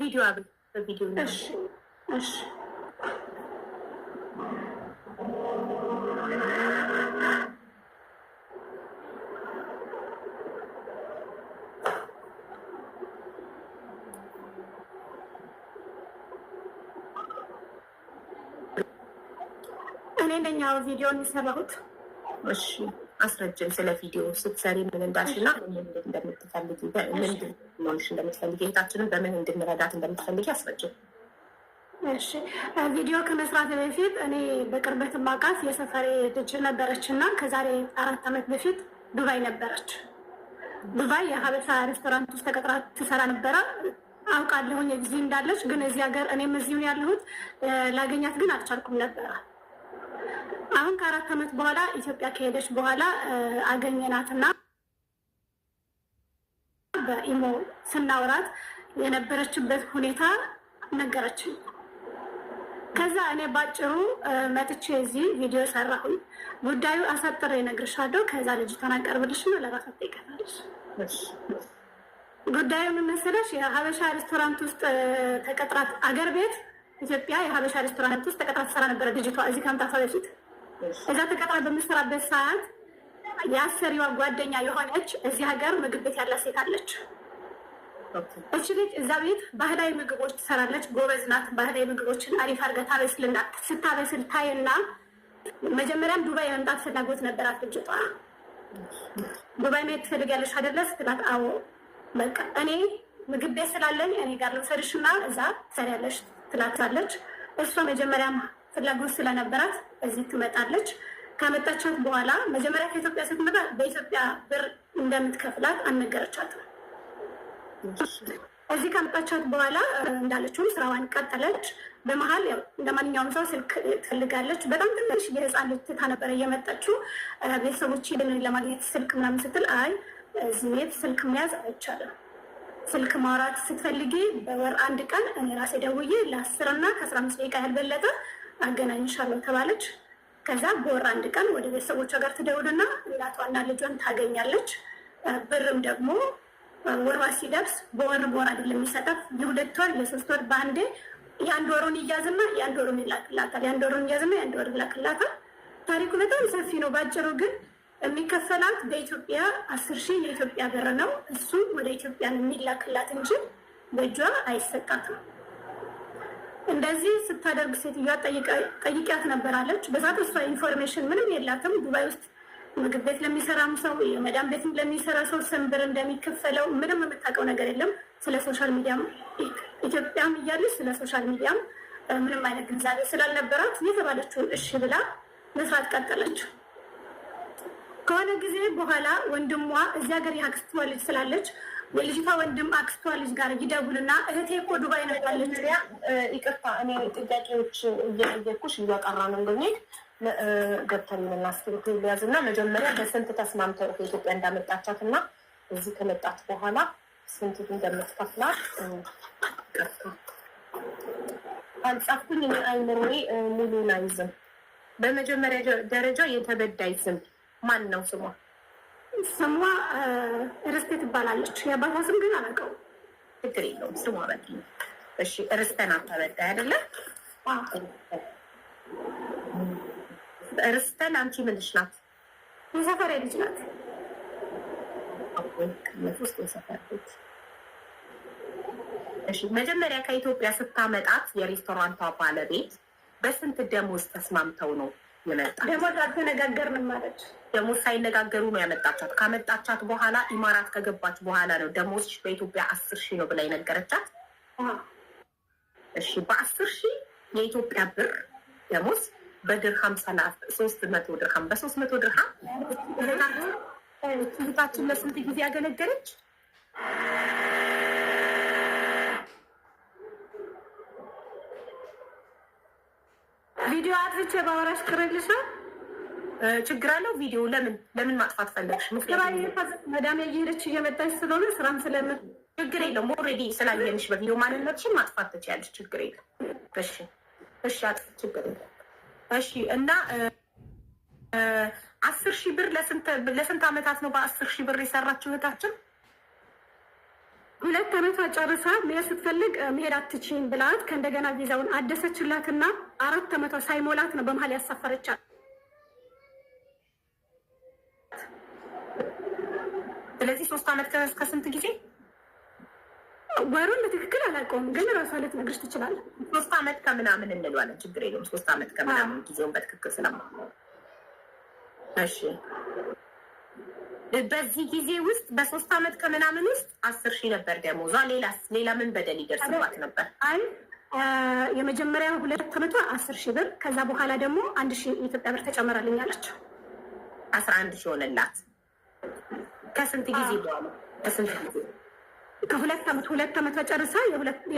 ቪዲዮ አብረን በቪዲዮ እኔ ነኝ ቪዲዮ የሚሰራሁት። እሺ አስረጅም ስለ ቪዲዮ ስትሰሪ ምን እንዳልሽና ምን እንደምትፈልጊ መሆንሽ እንደምትፈልጊ እህታችንን በምን እንድንረዳት እንደምትፈልጊ አስረጅም። እሺ ቪዲዮ ከመስራት በፊት እኔ በቅርበት ማቃት የሰፈሬ ልጅ ነበረች እና ከዛሬ አራት ዓመት በፊት ዱባይ ነበረች። ዱባይ የሀበሻ ሬስቶራንት ውስጥ ተቀጥራ ትሰራ ነበረ። አውቃለሁኝ ጊዜ እንዳለች ግን እዚህ ሀገር እኔም እዚሁ ያለሁት ላገኛት ግን አልቻልኩም ነበረ። አሁን ከአራት ዓመት በኋላ ኢትዮጵያ ከሄደች በኋላ አገኘናትና በኢሞ ስናወራት የነበረችበት ሁኔታ ነገረችን። ከዛ እኔ ባጭሩ መጥቼ እዚህ ቪዲዮ ሰራሁኝ። ጉዳዩ አሳጥሬ እነግርሻለሁ። ከዛ ልጅ ተናቀርብልሽ ነው ለራሳ ጠይቀታለች። ጉዳዩ ምን መሰለሽ? የሀበሻ ሬስቶራንት ውስጥ ተቀጥራት አገር ቤት ኢትዮጵያ የሀበሻ ሬስቶራንት ውስጥ ተቀጥራ ትሰራ ነበረ ልጅቷ እዚህ ከመምጣቷ በፊት። እዛ ተቀጥራ በምሰራበት ሰዓት የአሰሪዋ ጓደኛ የሆነች እዚህ ሀገር ምግብ ቤት ያላት ሴት አለች። እች ቤት እዛ ቤት ባህላዊ ምግቦች ትሰራለች። ጎበዝ ናት። ባህላዊ ምግቦችን አሪፍ አድርጋ ታበስልና ስታበስል ታይና መጀመሪያም ዱባይ የመምጣት ፍላጎት ነበራት ልጅቷ። ዱባይ መሄድ ትፈልጊያለሽ አይደለ ስትላት፣ አዎ በቃ እኔ ምግብ ቤት ስላለኝ እኔ ጋር ልውሰድሽና እዛ ትሰሪያለሽ ትላታለች። እሷ መጀመሪያም ፍላጎት ስለነበራት እዚህ ትመጣለች። ካመጣቻት በኋላ መጀመሪያ ከኢትዮጵያ ስትመጣ በኢትዮጵያ ብር እንደምትከፍላት አልነገረቻትም። እዚህ ካመጣቻት በኋላ እንዳለችውም ስራዋን ቀጠለች። በመሀል እንደ ማንኛውም ሰው ስልክ ትፈልጋለች። በጣም ትንሽ የህፃን ልጅ ትታ ነበረ እየመጣችው። ቤተሰቦች ለማግኘት ስልክ ምናምን ስትል አይ እዚህ ቤት ስልክ መያዝ አይቻልም። ስልክ ማውራት ስትፈልጊ በወር አንድ ቀን እኔ ራሴ ደውዬ ለአስር እና ከአስራ አምስት ደቂቃ ያልበለጠ አገናኝሻለሁ ተባለች። ከዛ በወር አንድ ቀን ወደ ቤተሰቦቿ ጋር ትደውልና እናቷና ልጇን ታገኛለች። ብርም ደግሞ ወርዋ ሲደርስ በወር በወር አይደለም የሚሰጣት የሁለት ወር የሶስት ወር በአንዴ የአንድ ወሩን እያዝና የአንድ ወሩን ይላክላታል። የአንድ ወሩን እያዝና የአንድ ወር ይላክላታል። ታሪኩ በጣም ሰፊ ነው። ባጭሩ ግን የሚከፈላት በኢትዮጵያ አስር ሺህ የኢትዮጵያ ብር ነው። እሱ ወደ ኢትዮጵያ የሚላክላት እንጂ በእጇ አይሰጣትም። እንደዚህ ስታደርግ ሴትዮዋ ጠይቂያት ነበራለች። በዛት እሷ ኢንፎርሜሽን ምንም የላትም። ዱባይ ውስጥ ምግብ ቤት ለሚሰራም ሰው የመዳም ቤት ለሚሰራ ሰው ስንብር እንደሚከፈለው ምንም የምታውቀው ነገር የለም። ስለ ሶሻል ሚዲያም ኢትዮጵያም እያለች ስለ ሶሻል ሚዲያም ምንም አይነት ግንዛቤ ስላልነበራት የተባለችውን እሺ ብላ መስራት ቀጠለች። ከሆነ ጊዜ በኋላ ወንድሟ እዚህ ሀገር የአክስቷ ልጅ ስላለች የልጅቷ ወንድም አክስቷ ልጅ ጋር ይደውልና እህቴ እኮ ዱባይ ነው ያለች። ይቅርታ፣ እኔ ጥያቄዎች እየጠየኩሽ እያቀራ ነው እንደሚል ገብተን የምናስብት ሊያዝ እና መጀመሪያ በስንት ተስማምተው ከኢትዮጵያ እንዳመጣቻት እና እዚህ ከመጣት በኋላ ስንት እንደምትከፍላት አልጻፍኩኝ። እኔ አይምሮዬ ሙሉን አይዝም። በመጀመሪያ ደረጃ የተበዳይ ስም ማን ነው ስሟ? ስሟ እርስቴ ትባላለች። የአባቷ ስም ግን አላውቀው። ችግር የለውም። ስሟ በቂ እሺ እርስተን አታበዳ አይደለ? እርስተን አንቺ ምንሽ ናት? የሰፈር ልጅ ናት። ውስጥ የሰፈር እሺ መጀመሪያ ከኢትዮጵያ ስታመጣት የሬስቶራንቷ ባለቤት በስንት ደሞዝ ተስማምተው ነው ደግሞ አልተነጋገርንም ማለች። ደግሞ ሳይነጋገሩ ነው ያመጣቻት። ካመጣቻት በኋላ ኢማራት ከገባች በኋላ ነው ደሞዝሽ በኢትዮጵያ አስር ሺህ ነው ብላ የነገረቻት። እሺ በአስር ሺህ የኢትዮጵያ ብር ደሞዝ በድርሃም ሶስት መቶ ድርሃም በሶስት መቶ ድርሃም ታችን ለስንት ጊዜ ያገለገለች አጥፍቼ ባወራሽ ቅር ችግር አለው። ቪዲዮ ለምን ለምን ማጥፋት ፈለግሽ? መዳም እየሄደች እየመጣች ስለሆነ ስራም ስለምን ችግር የለም። ኦልሬዲ ስላየንሽ በቪዲዮ ማንነትሽን ማጥፋት ትችያለሽ። ችግር የለም። እሺ፣ እሺ፣ አጥፍ ችግር የለም። እሺ። እና አስር ሺህ ብር ለስንት አመታት ነው በአስር ሺህ ብር የሰራችው እህታችን? ሁለት ዓመቷ ጨርሳ መሄድ ስትፈልግ መሄድ አትችይም ብላት ከእንደገና ቪዛውን አደሰችላትና አራት ዓመቷ ሳይሞላት ነው በመሀል ያሳፈረቻት። ስለዚህ ሶስት ዓመት ከስንት ጊዜ ወሩን በትክክል አላውቀውም፣ ግን ራሷ ልትነግርሽ ትችላለህ። ሶስት ዓመት ከምናምን እንለዋለን፣ ችግር የለውም። ሶስት ዓመት ከምናምን ጊዜውን በትክክል ስለማ እሺ በዚህ ጊዜ ውስጥ በሶስት አመት ከምናምን ውስጥ አስር ሺህ ነበር ደሞዟ። ሌላስ ሌላ ምን በደል ይደርስባት ነበር? አይ የመጀመሪያ ሁለት አመቷ አስር ሺህ ብር፣ ከዛ በኋላ ደግሞ አንድ ሺህ የኢትዮጵያ ብር ተጨመራልኝ አለች። አስራ አንድ ሺህ ሆነላት። ከስንት ጊዜ በኋላ ከስንት ጊዜ ከሁለት አመት ሁለት አመት በጨርሳ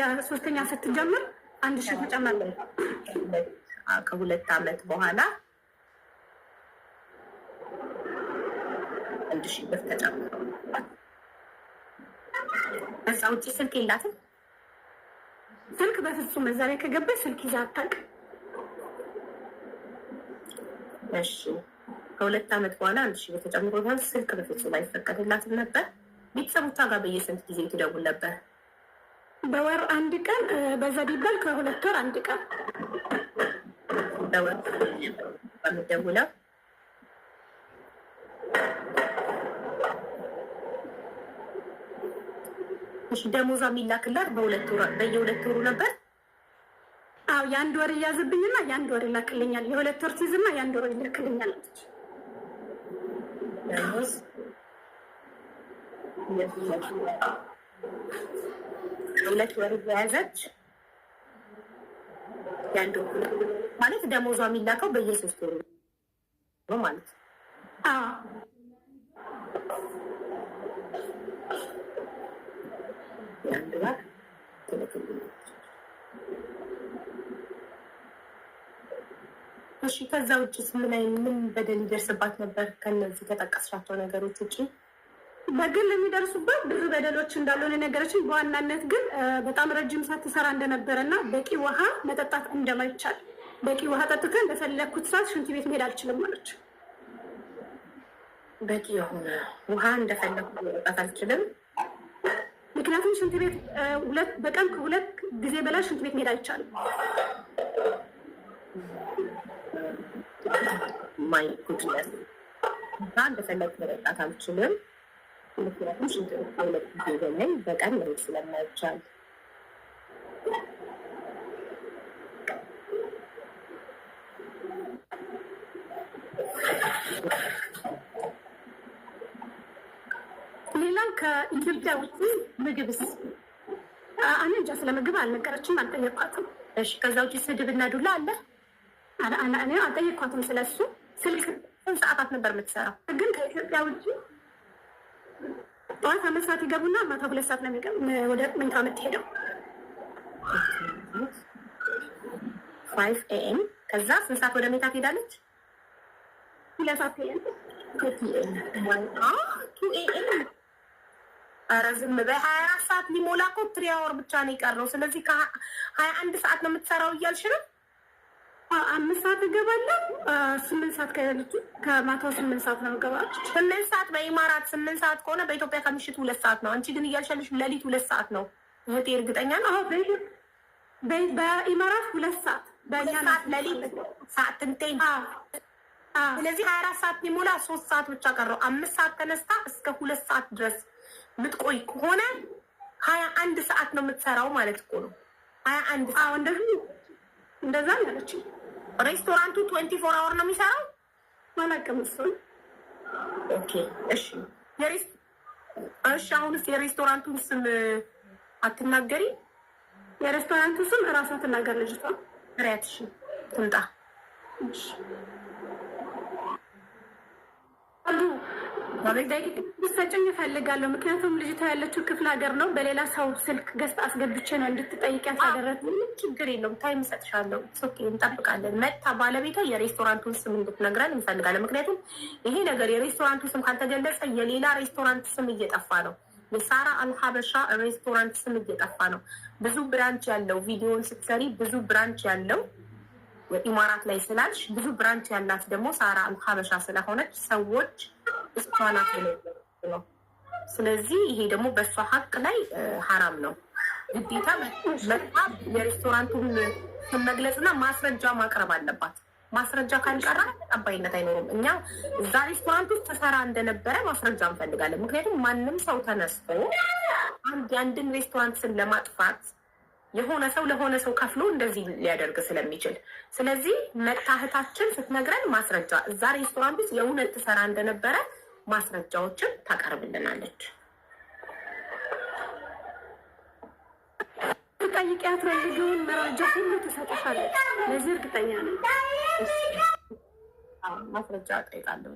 የሶስተኛ ስትጀምር አንድ ሺህ ተጨመራልኝ ከሁለት አመት በኋላ አንድ ሺህ ብር ተጨምሮ በዛ ውጭ ስልክ የላትም። ስልክ በፍጹም እዛ ላይ ከገባች ስልክ ይዛ አታውቅም። እሺ ከሁለት ዓመት በኋላ አንድ ሺህ ብር ተጨምሮታል። ስልክ በፍጹም አይፈቀድላትም ነበር። ቤተሰቦቿ ጋር በየስንት ጊዜ ትደውል ነበር? በወር አንድ ቀን፣ በዛ ቢባል ከሁለት ወር አንድ ቀን በወር በምትደውለው እሺ ደሞዛ የሚላክላት በሁለት ወር በየሁለት ወሩ ነበር። አዎ የአንድ ወር እያዝብኝና የአንድ ወር ይላክልኛል። የሁለት ወር ሲዝና የአንድ ወር ይላክልኛል። ሁለት ወር እየያዘች የአንድ ወር ማለት ደሞዟ የሚላከው በየሶስት ወሩ ነው ማለት ያደረግልኝ። እሺ ከዛ ውጭስ ምን ምን በደል ይደርስባት ነበር? ከነዚህ ከጠቀስሻቸው ነገሮች ውጭ በግል የሚደርሱበት ብዙ በደሎች እንዳልሆነ ነገሮችን በዋናነት ግን በጣም ረጅም ሰዓት ትሰራ እንደነበረ እና በቂ ውሃ መጠጣት እንደማይቻል በቂ ውሃ ጠጥተን በፈለግኩት ሰዓት ሽንት ቤት መሄድ አልችልም አለች። በቂ የሆነ ውሃ እንደፈለግኩ መጠጣት አልችልም ምክንያቱም ሽንት ቤት በቀን ከሁለት ጊዜ በላይ ሽንት ቤት መሄድ አይቻልም። ማይ ጉድነት እና እንደፈለግ መጠጣት አልችልም። ምክንያቱም ሽንት ቤት ሁለት ጊዜ በላይ በቀን መሄድ ስለማይቻል ከኢትዮጵያ ውጭ ምግብስ? እኔ እንጃ ስለ ምግብ አልነገረችም፣ አልጠየቋትም እሺ፣ ከዛ ውጭ ስድብ እና ዱላ አለ? እኔ አልጠየኳትም ስለሱ። ስልክ ስንት ሰዓታት ነበር የምትሰራው? ግን ከኢትዮጵያ ውጭ ጠዋት አምስት ሰዓት ይገቡና ማታ ሁለት ሰዓት ነው ወደ ምንታ የምትሄደው ፋይቭ ኤኤም ከዛ ስንት ሰዓት ወደ ሜታ ትሄዳለች? ሁለት ሰዓት ኤኤም ቱ ኤኤም ኧረ ዝም በይ። ሀያ አራት ሰዓት ሊሞላ እኮ ትሪ አወር ብቻ ነው የቀረው። ስለዚህ ከሀያ አንድ ሰዓት ነው የምትሰራው እያልሽ ነው። አምስት ሰዓት እገባለሁ። ስምንት ሰዓት ከማታው ስምንት ሰዓት ነው ገባል። ስምንት ሰዓት በኢማራት ስምንት ሰዓት ከሆነ በኢትዮጵያ ከምሽት ሁለት ሰዓት ነው። አንቺ ግን እያልሻለሽ ሌሊት ሁለት ሰዓት ነው። እህቴ እርግጠኛ ነው። በኢማራት ሁለት ሰዓት በሰዓት ሌሊት ሰዓት ትንቴ ስለዚህ ሀያ አራት ሰዓት ሊሞላ ሶስት ሰዓት ብቻ ቀረው። አምስት ሰዓት ተነስታ እስከ ሁለት ሰዓት ድረስ ምትቆይ ከሆነ ሀያ አንድ ሰዓት ነው የምትሰራው ማለት እኮ ነው። ሀያ አንድ ሰዓት እንደ እንደዛ ያለች ሬስቶራንቱ ትዌንቲ ፎር አወር ነው የሚሰራው አላውቅም። እሱን ኦኬ፣ እሺ የሬስ እሺ፣ አሁንስ የሬስቶራንቱን ስም አትናገሪ። የሬስቶራንቱ ስም እራሷ ትናገር ልጅቷ። ሪያትሽ ትምጣ ልትሰጭኝ እፈልጋለሁ። ምክንያቱም ልጅቷ ያለችው ክፍለ ሀገር ነው። በሌላ ሰው ስልክ ገዝታ አስገብቼ ነው እንድትጠይቅ ያሳደረት። ምንም ችግር የለውም። ታይም እሰጥሻለሁ። እንጠብቃለን። መታ ባለቤቷ የሬስቶራንቱን ስም እንድትነግረን እንፈልጋለን። ምክንያቱም ይሄ ነገር የሬስቶራንቱ ስም ካልተገለጸ የሌላ ሬስቶራንት ስም እየጠፋ ነው። የሳራ አልሀበሻ ሬስቶራንት ስም እየጠፋ ነው። ብዙ ብራንች ያለው ቪዲዮን ስትሰሪ ብዙ ብራንች ያለው ኢማራት ላይ ስላልሽ ብዙ ብራንች ያላት ደግሞ ሳራ አልሀበሻ ስለሆነች ሰዎች እሷ ናት ነው። ስለዚህ ይሄ ደግሞ በእሷ ሀቅ ላይ ሀራም ነው። ግዴታ መጣ የሬስቶራንቱን ስም መግለጽና ማስረጃ ማቅረብ አለባት። ማስረጃ ካልቀራ ተቀባይነት አይኖርም እኛ እዛ ሬስቶራንት ውስጥ ተሰራ እንደነበረ ማስረጃ እንፈልጋለን። ምክንያቱም ማንም ሰው ተነስቶ አንድ የአንድን ሬስቶራንት ስም ለማጥፋት የሆነ ሰው ለሆነ ሰው ከፍሎ እንደዚህ ሊያደርግ ስለሚችል፣ ስለዚህ መታህታችን ስትነግረን ማስረጃ እዛ ሬስቶራንት ውስጥ የእውነት ትሰራ እንደነበረ ማስረጃዎችን ታቀርብልናለች። ጠይቅ ያስፈልገውን መረጃ ሁሉ ትሰጥሻለች። ለዚህ እርግጠኛ ነኝ። ማስረጃ ጠይቃለሁ።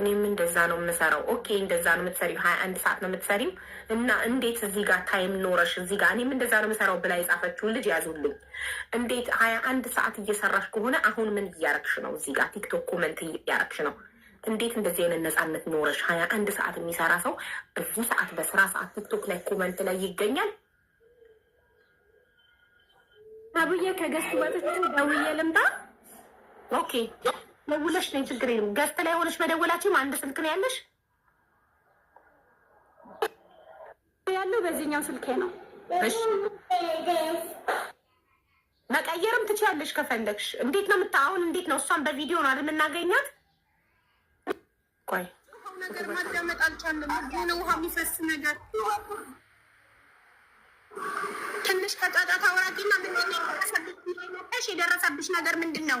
እኔም እንደዛ ነው የምሰራው። ኦኬ እንደዛ ነው የምትሰሪው፣ ሀያ አንድ ሰዓት ነው የምትሰሪው እና እንዴት እዚህ ጋር ታይም ኖረሽ እዚህ ጋር እኔም እንደዛ ነው የምሰራው ብላ የጻፈችውን ልጅ ያዙልኝ። እንዴት ሀያ አንድ ሰዓት እየሰራሽ ከሆነ አሁን ምን እያረግሽ ነው? እዚህ ጋር ቲክቶክ ኮመንት እያረግሽ ነው። እንዴት እንደዚህ አይነት ነፃነት ኖረሽ? ሀያ አንድ ሰዓት የሚሰራ ሰው በዚህ ሰዓት በስራ ሰዓት ቲክቶክ ላይ ኮመንት ላይ ይገኛል። አብዬ ከገስቱ ወጥቼ ደውዬ ልምጣ። ኦኬ መውለሽ ነኝ ችግር የለም። ገዝተ ላይ ሆነሽ መደወላችሁም አንድ ስልክ ነው ያለሽ ያለው በዚህኛው ስልኬ ነው። መቀየርም ትችላለሽ ከፈለግሽ። እንዴት ነው ምታ አሁን እንዴት ነው? እሷን በቪዲዮ ነው አይደል የምናገኛት? ቆይ ነገር ማዳመጥ አልቻለም። የሆነ ውሃ የሚፈስ ነገር ትንሽ ከጫጫታ ወራቂና ምንድነው የደረሰብሽ ነገር ምንድን ነው?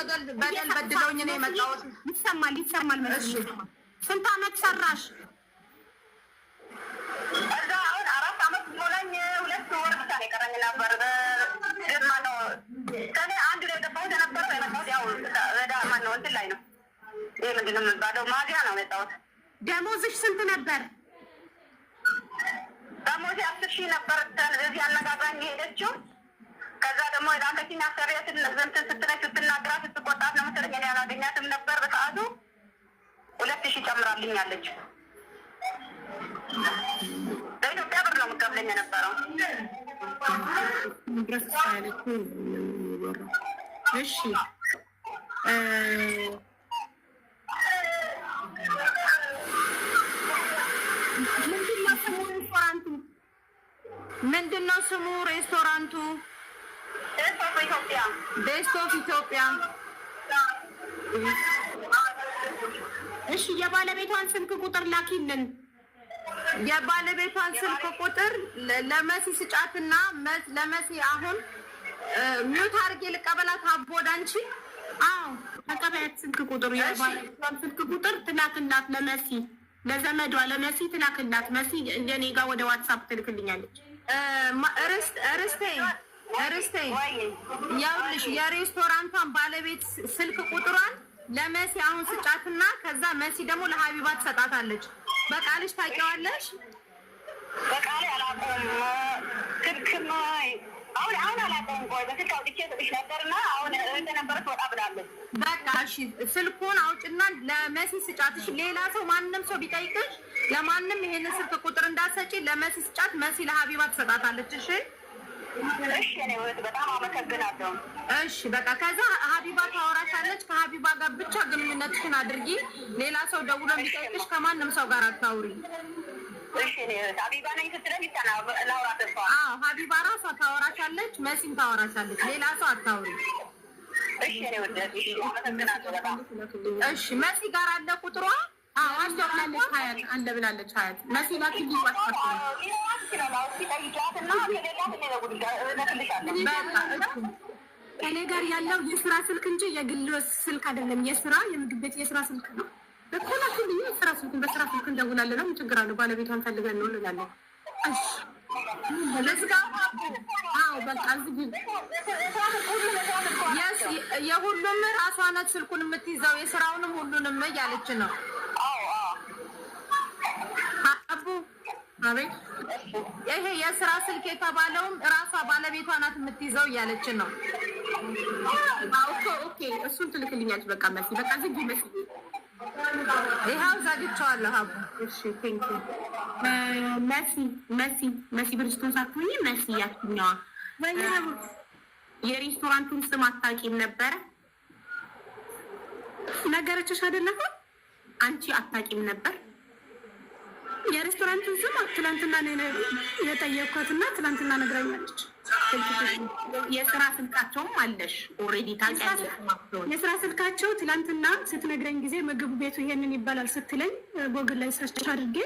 በደል በድለውኝ ነው የመጣሁት። ይሰማል ይሰማል። መ ስንት አመት ሰራሽ? እዛ አሁን አራት አመት ሞላኝ። ሁለት ወር ብቻ ነው የቀረኝ ነበር ነው ከኔ አንድ ላይ ገባሁት ነበር የመጣሁት ያው ወደ ማነው እንትን ላይ ነው ይህ ምንድን ነው የሚባለው ማዚያ ነው የመጣሁት። ደሞዝሽ ስንት ነበር? ደሞዜ አስር ሺህ ነበር። እዚህ አነጋግራኝ የሄደችው ከዛ ደግሞ የላከችኝ አሰሪያ እንትን ስትለኝ ስትናገራት ስትቆጣት ነው መሰለኝ እኔ አላገኛትም ነበር በሰዓቱ ሁለት ሺህ ጨምራልኝ አለች። በኢትዮጵያ ብር ነው የምትከፍለኝ የነበረው። እሺ ሬስቶራንቱ? ምንድነው ስሙ ሬስቶራንቱ? ቤስት ኦፍ ኢትዮጵያ። እሺ፣ የባለቤቷን ስልክ ቁጥር ላኪልን። የባለቤቷን ስልክ ቁጥር ለመሲ ስጫትና ለመሲ አሁን ሚውት አድርጌ ልቀበላት። አቦዳ አንቺ ተቀበያት ስልክ ቁጥሩ ስልክ ቁጥር ትላክላት ለመሲ ለዘመዷ ለመሲ ትላክላት። መሲ እኔ ጋ ወደ ዋትሳፕ ትልክልኛለች። እርስቴ እርስቴ ያውልሽ የሬስቶራንቷን ባለቤት ስልክ ቁጥሯን ለመሲ አሁን ስጫትና ከዛ መሲ ደግሞ ለሀቢባ ትሰጣታለች። በቃልሽ ታውቂዋለሽ። በቃል አላውቀውም። አሁን አሁን አላውቀውም። ቆይ በስልክ አውጥቼ ስጥሽ ነበርና አሁን ነበረች ወጣ ብላለች። በቃ እሺ፣ ስልኩን አውጭና ለመሲ ስጫትሽ። ሌላ ሰው ማንም ሰው ቢጠይቅሽ ለማንም ይሄንን ስልክ ቁጥር እንዳትሰጪ። ለመሲ ስጫት፣ መሲ ለሀቢባ ትሰጣታለች። እሺ እሺ እኔ በጣም አመሰግናለሁ። እሺ በቃ ከዛ ሀቢባ ታወራሻለች። ከሀቢባ ጋር ብቻ ግንኙነትሽን አድርጊ። ሌላ ሰው ደውሎ የሚጠይቅሽ ከማንም ሰው ጋር አታውሪ። ሀቢባ ራሷ ታወራሻለች፣ መሲም ታወራሻለች። ሌላ ሰው አታውሪ። እሺ መሲ ጋር አለ ቁጥሯ አለ እኔ ጋር ያለው የስራ ስልክ እንጂ የግል ስልክ አይደለም። የስራ የምግብ ቤት የስራ ስልክ ነው። በኮላችን ልዩ የስራ ስልኩን በስራ ስልክ እንደውላለን። ነው ችግር አለው። ባለቤቷን ፈልገን ነው እንላለን። የሁሉም ራሷ ናት ስልኩን የምትይዘው የስራውንም ሁሉንም እያለች ነው ራሱ ይሄ የስራ ስልክ የተባለውም ራሷ ባለቤቷ ናት የምትይዘው እያለችን ነው። እሱን ትልክልኛለች። በቃ መ በቃ ዝግ መሲ፣ ይኸው ዘግቼዋለሁ። ሀቡ እሺ፣ መሲ መሲ መሲ ብርስቶን ሳትሆኝ መሲ ያትኛዋ የሬስቶራንቱን ስም አታውቂም ነበረ ነገረችሽ አይደለም? አንቺ አታውቂም ነበር የሬስቶራንቱን ስም ትላንትና የጠየቅኳትና ትላንትና ነግራኛለች። የስራ ስልካቸውም አለሽ ኦልሬዲ ታውቂያለሽ። የስራ ስልካቸው ትላንትና ስትነግረኝ ጊዜ ምግብ ቤቱ ይሄንን ይባላል ስትለኝ ጎግል ላይ ሰርች አድርጌ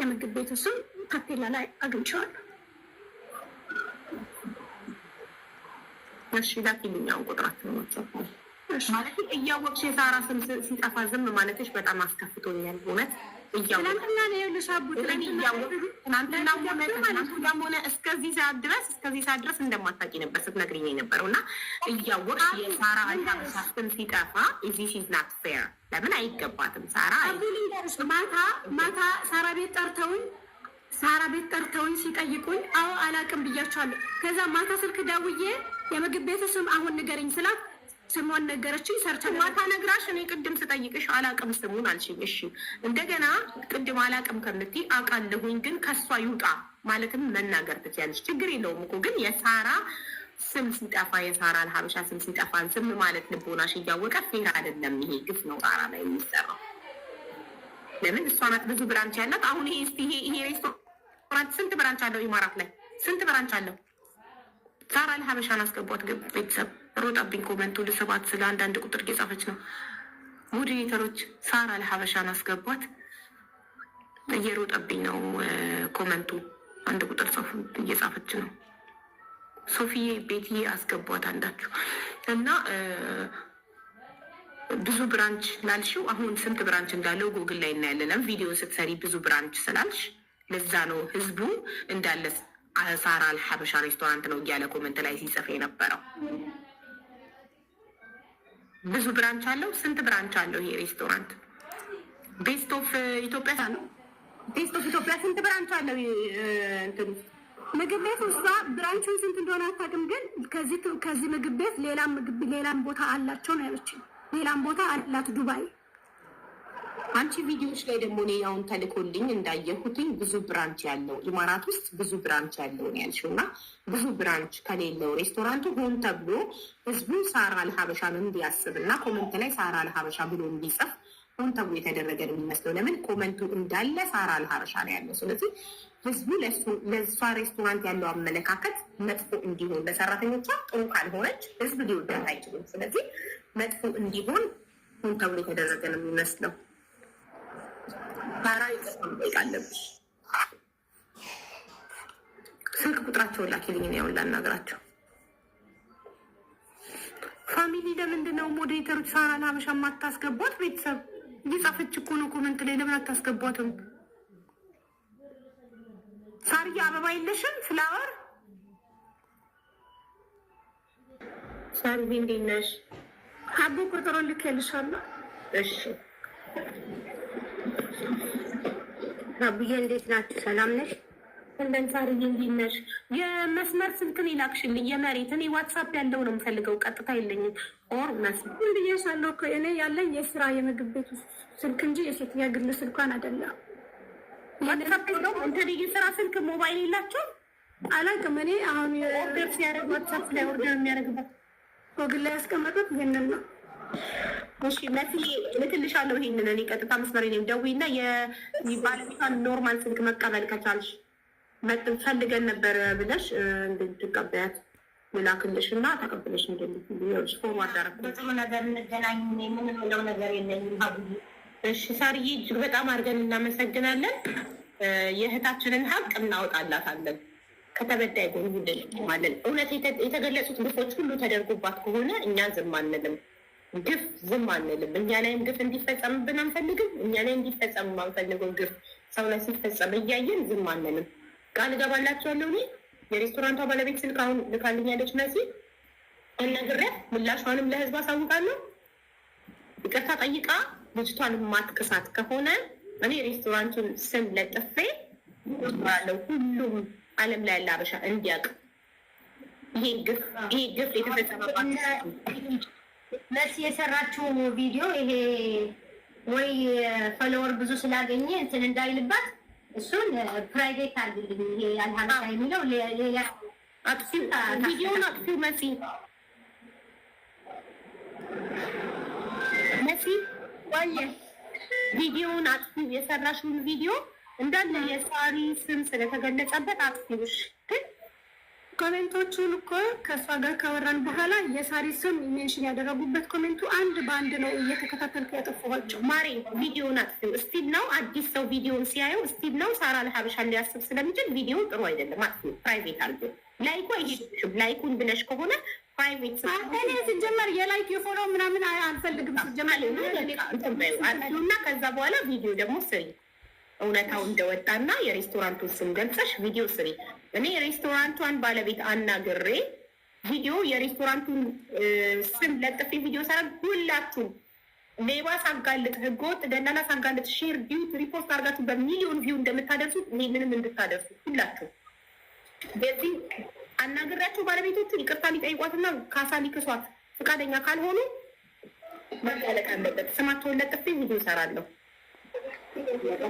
የምግብ ቤቱ ስም ታፔላ ላይ አግኝቼዋለሁ። እሺ ላኪልኛውን ቁጥራቸው ማለት እያወቅሽ የሳራ ስም ሲጠፋ ዝም ማለትሽ በጣም አስከፍቶኛል እውነት ትናንትና ነው የሉሽ ሆነ እስከዚህ ሰዓት ድረስ እስከዚህ ሰዓት ድረስ እንደማታውቂ ነበር ስትነግሪኝ የነበረው እና እያወቅሽ የሳራ ሳትን ሲጠፋ እዚህ ናት ፌር ለምን አይገባትም። ሳራ ማታ ማታ ሳራ ቤት ጠርተውኝ ሳራ ቤት ጠርተውኝ ሲጠይቁኝ አዎ አላውቅም ብያቸዋለሁ። ከዛ ማታ ስልክ ደውዬ የምግብ ቤት ስም አሁን ንገርኝ ስላት ስሟን ነገረችኝ። ሰርች ማታ ነግራሽ እኔ ቅድም ስጠይቅሽ አላቅም ስሙን አልሽኝ። እሺ እንደገና ቅድም አላቅም ከምትይ አውቃለሁኝ ግን ከሷ ይውጣ ማለትም መናገር ትችያለሽ። ችግር የለውም እኮ ግን የሳራ ስም ሲጠፋ የሳራ ለሀበሻ ስም ሲጠፋ ስም ማለት ልቦናሽ እያወቀ ፌር አይደለም። ይሄ ግፍ ነው ሳራ ላይ የሚሰራው። ለምን እሷ ናት ብዙ ብራንች ያላት። አሁን ይሄ እስኪ ይሄ ሬስቶራንት ስንት ብራንች አለው? ኢማራት ላይ ስንት ብራንች አለው? ሳራ ለሀበሻን አስገቧት ቤተሰብ ሮጣብኝ ኮመንት ሁሉ ሰባት ስለ አንዳንድ ቁጥር እየጻፈች ነው። ሞዲሬተሮች ሳራ ለሀበሻን አስገቧት። እየሮጠብኝ ነው ኮመንቱ። አንድ ቁጥር ጽፉ እየጻፈች ነው። ሶፊዬ ቤትዬ አስገቧት አንዳችሁ እና ብዙ ብራንች ላልሽው አሁን ስንት ብራንች እንዳለው ጉግል ላይ እናያለን። ቪዲዮ ስትሰሪ ብዙ ብራንች ስላልሽ ለዛ ነው ህዝቡ እንዳለ ሳራ ለሀበሻ ሬስቶራንት ነው እያለ ኮመንት ላይ ሲጽፍ የነበረው። ብዙ ብራንች አለው። ስንት ብራንች አለው ይሄ ሬስቶራንት? ቤስት ኦፍ uh, ኢትዮጵያ ነው። ቤስት ኦፍ ኢትዮጵያ ስንት ብራንች አለው? Uh, እንትኑ ምግብ ቤት እሷ ብራንቹን ስንት እንደሆነ አታውቅም፣ ግን ከዚህ ምግብ ቤት ሌላም ምግብ ሌላም ቦታ አላቸው ነው ያለችኝ። ሌላም ቦታ አላት ዱባይ አንቺ ቪዲዮዎች ላይ ደግሞ እኔ አሁን ተልኮልኝ እንዳየሁትኝ ብዙ ብራንች ያለው ኢማራት ውስጥ ብዙ ብራንች ያለው ነው ያልሽው እና ብዙ ብራንች ከሌለው ሬስቶራንቱ ሆን ተብሎ ህዝቡ ሳራ ለሀበሻ ነው እንዲያስብ እና ኮመንት ላይ ሳራ ለሀበሻ ብሎ እንዲጽፍ ሆን ተብሎ የተደረገ ነው የሚመስለው። ለምን ኮመንቱ እንዳለ ሳራ ለሀበሻ ነው ያለው። ስለዚህ ህዝቡ ለእሷ ሬስቶራንት ያለው አመለካከት መጥፎ እንዲሆን፣ ለሰራተኞቿ ጥሩ ካልሆነች ህዝብ ሊወዳት አይችሉም። ስለዚህ መጥፎ እንዲሆን ሆን ተብሎ የተደረገ ነው የሚመስለው። ባራ ይቅርታ መጠየቅ አለብሽ። ስልክ ቁጥራቸውን ላኪልኝ፣ ያው ላናግራቸው። ፋሚሊ ለምንድን ነው ሞዴሬተሮች ሳራን ሀበሻ የማታስገቧት? ቤተሰብ እየጻፈች እኮ ነው ኮመንት ላይ ለምን አታስገቧትም? ሳርዬ አበባ የለሽም? ፍላወር ሳርዬ እንዴት ነሽ? አቦ ቁጥሩን ልኬልሻለሁ። እሺ አቡዬ እንዴት ናችሁ? ሰላም ነሽ? እንደንሳር እንዴት ነሽ? የመስመር ስልክን ይላክሽልኝ እኔ ዋትሳፕ ያለው ነው የምፈልገው። ቀጥታ የለኝም። ኦር መስመር ብዬሻለሁ እኮ እኔ ያለኝ የስራ የምግብ ቤት ስልክ እንጂ የሴት የግል ስልኳን አይደለም። ዋትሳፕ ነው እንትን የስራ ስልክ ሞባይል የላቸው አላውቅም። እኔ አሁን ኦርደር ሲያደርግ ዋትሳፕ ላይ ኦርደር የሚያደርግበት ወግን ላይ ያስቀመጡት ይህንን ነው። እሺ መሲ ልክልሻለሁ። ይሄንን እኔ ቀጥታ መስመር የባለቤቷን ኖርማል ስልክ መቀበል ከቻልሽ ፈልገን ብለሽ እንድትቀበያት እና ተቀብለሽ ፎርም አዳረግ በጥሩ ነገር እንገናኝ። ነገር የለኝም። እሺ ሳርዬ እጅግ በጣም አድርገን እናመሰግናለን። የእህታችንን ሀቅ እናወጣላታለን። ከተበዳይ ጎን ማለት እውነት የተገለጹት ልፎች ሁሉ ተደርጎባት ከሆነ እኛ ዝም አንልም። ግፍ ዝም አንልም። እኛ ላይም ግፍ እንዲፈጸምብን አንፈልግም። እኛ ላይ እንዲፈጸም አንፈልገው ግፍ ሰው ላይ ሲፈጸም እያየን ዝም አንልም። ቃል እገባላችኋለሁ። እኔ የሬስቶራንቷ ባለቤት ስልክ አሁን ልካልኛለች መሲ እነግሬ ምላሿንም ለህዝብ አሳውቃለሁ። ይቅርታ ጠይቃ ልጅቷን ማትቅሳት ከሆነ እኔ ሬስቶራንቱን ስም ለጥፌ ለው ሁሉም ዓለም ላይ ያለ አበሻ እንዲያውቅ ይሄ ግፍ የተፈጸመባት መሲ የሰራችው ቪዲዮ ይሄ ወይ ፎሎወር ብዙ ስላገኘ እንትን እንዳይልባት እሱን ፕራይቬት አድርግልኝ። ይሄ አልሀበሻ የሚለው ሌላ ቪዲዮን አጥፊው። መሲ መሲ ወየ ቪዲዮውን አጥፊው። የሰራሽውን ቪዲዮ እንዳለ የሳሪ ስም ስለተገለጸበት አጥፊውሽ ግን ኮሜንቶቹን እኮ ከእሷ ጋር ካወራን በኋላ የሳሪ ስም ሜንሽን ያደረጉበት ኮሜንቱ አንድ በአንድ ነው እየተከታተልኩ ያጠፋኋቸው። ማሬ ቪዲዮን አጥፊው ስቲል ነው። አዲስ ሰው ቪዲዮን ሲያየው ስቲል ነው ሳራ ለሀበሻ ሊያስብ ስለሚችል ቪዲዮን ጥሩ አይደለም አጥፊው። ፕራይቬት አድርጎ ላይኩ አይሄድሽም። ላይኩን ብለሽ ከሆነ ፕራይቬት እኔ ስጀመር የላይክ የፎሎ ምናምን አልፈልግም። ስጀመር ከዛ በኋላ ቪዲዮ ደግሞ ስሪ እውነታው እንደወጣና የሬስቶራንቱን ስም ገልጸሽ ቪዲዮ ስሪ። እኔ የሬስቶራንቷን ባለቤት አናግሬ ቪዲዮ የሬስቶራንቱን ስም ለጥፌ ቪዲዮ ሰራ። ሁላችሁም ሌባ ሳጋልጥ፣ ህገወጥ ደላላ ሳጋልጥ ሼር ቪዩት ሪፖርት አርጋችሁ በሚሊዮን ቪው እንደምታደርሱ ይህንንም እንድታደርሱ ሁላችሁ በዚህ አናግራችሁ ባለቤቶቹ ይቅርታ ሊጠይቋትና ካሳ ሊክሷት ፈቃደኛ ካልሆኑ መጋለጥ አለበት። ስማቸውን ለጥፌ ቪዲዮ ሰራለሁ።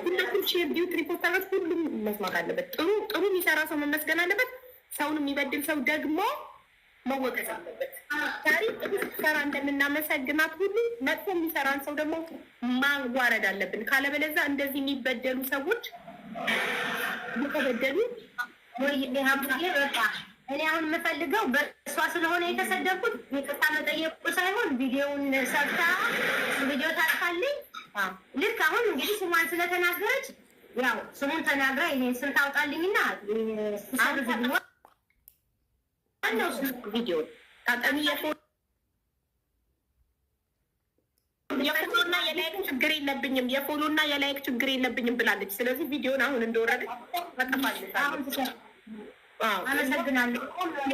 ሁላቱም ሼር ዲዩት ሪፖርት አለት ሁሉም መስማት አለበት። ጥሩ ጥሩ የሚሰራ ሰው መመስገን አለበት። ሰውን የሚበድል ሰው ደግሞ መወቀስ አለበት። ታሪክ ጥሩ ሰራ እንደምናመሰግናት ሁሉ መጥፎ የሚሰራን ሰው ደግሞ ማዋረድ አለብን። ካለበለዛ እንደዚህ የሚበደሉ ሰዎች የተበደሉ እኔ አሁን የምፈልገው በእሷ ስለሆነ የተሰደብኩት ይቅርታ መጠየቁ ሳይሆን ቪዲዮውን ሰርታ ቪዲዮ ታልፋልኝ ልክ አሁን እንግዲህ ስሟን ስለተናገረች ያው ስሙን ተናግራ ይሄን ስልክ አውጣልኝና አለው ቪዲዮ የፎሎና የላይክ ችግር የለብኝም፣ የፎሎና የላይክ ችግር የለብኝም ብላለች። ስለዚህ ቪዲዮን አሁን እንደወረደ አመሰግናለሁ።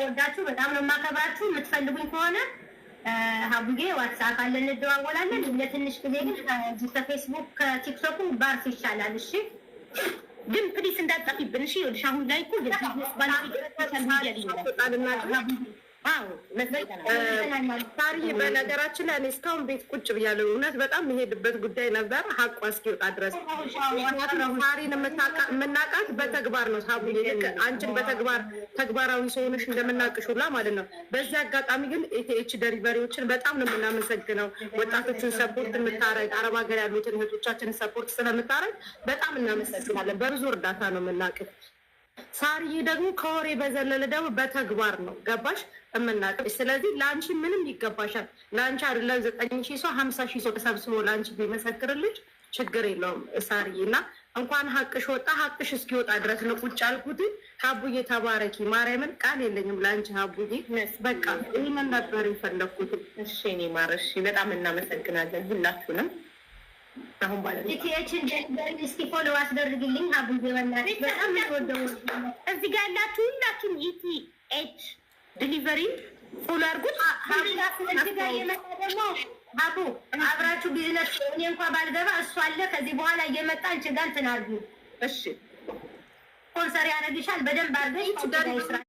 ወዳችሁ በጣም ነው የማከብራችሁ። የምትፈልጉኝ ከሆነ ሀቡዬ ዋትሳፕ አለ እንደዋወላለን። ለትንሽ ጊዜ ግን ከፌስቡክ ከቲክቶኩ ባርስ ይሻላል። እሺ ግን ፕሊስ እንዳጠፊብን። እሺ ይኸውልሽ አሁን ላይ እኮ ባለቤት ሶሻል ሚዲያ ሳርዬ በነገራችን ላይ እኔ እስካሁን ቤት ቁጭ ብያለሁ። እውነት በጣም የምሄድበት ጉዳይ ነበር ሀቋ እስኪወጣ ድረስ። ምክንያቱም ሳሪን የምናውቃት በተግባር ነው። ሳቡ አንቺን በተግባር ተግባራዊ ሰሆነች እንደምናውቅሽ ሁላ ማለት ነው። በዚህ አጋጣሚ ግን ኢቲኤች ደሪቨሪዎችን በጣም ነው የምናመሰግነው። ወጣቶችን ሰፖርት የምታረግ አረብ ሀገር ያሉትን እህቶቻችንን ሰፖርት ስለምታረግ በጣም እናመሰግናለን። በብዙ እርዳታ ነው የምናውቅት ሳርዬ ደግሞ ከወሬ በዘለለ ደግሞ በተግባር ነው ገባሽ የምናቀብ። ስለዚህ ለአንቺ ምንም ይገባሻል። ለአንቺ አይደለም ዘጠኝ ሺህ ሰው ሀምሳ ሺህ ሰው ተሰብስቦ ለአንቺ ቢመሰክርልሽ ችግር የለውም ሳርዬ እና እንኳን ሀቅሽ ወጣ ሀቅሽ እስኪወጣ ድረስ ነው ቁጭ አልኩት። ሀቡዬ ተባረኪ። ማርያምን ቃል የለኝም ለአንቺ ሀቡዬ። በቃ ይህንን ነበር የፈለግኩት። እሺ እኔ ማረሽ በጣም እናመሰግናለን ሁላችሁንም። አሁን ማለት ነው። ኢቲኤችን ፎሎ አስደርግልኝ አቡዬ፣ በእናትህ በጣም የምንወደው እዚህ ጋር ያላችሁ ሁላችሁም ኢቲኤች ዲሊቨሪ ፎሎ እዚህ ጋር ደግሞ አቡ አብራችሁ ቢዝነስ እኔ ባልገባ እሱ አለ። ከዚህ በኋላ እየመጣ አንቺ ጋር እንትን አድርጉ እሺ። ስፖንሰር ያደርግሻል በደንብ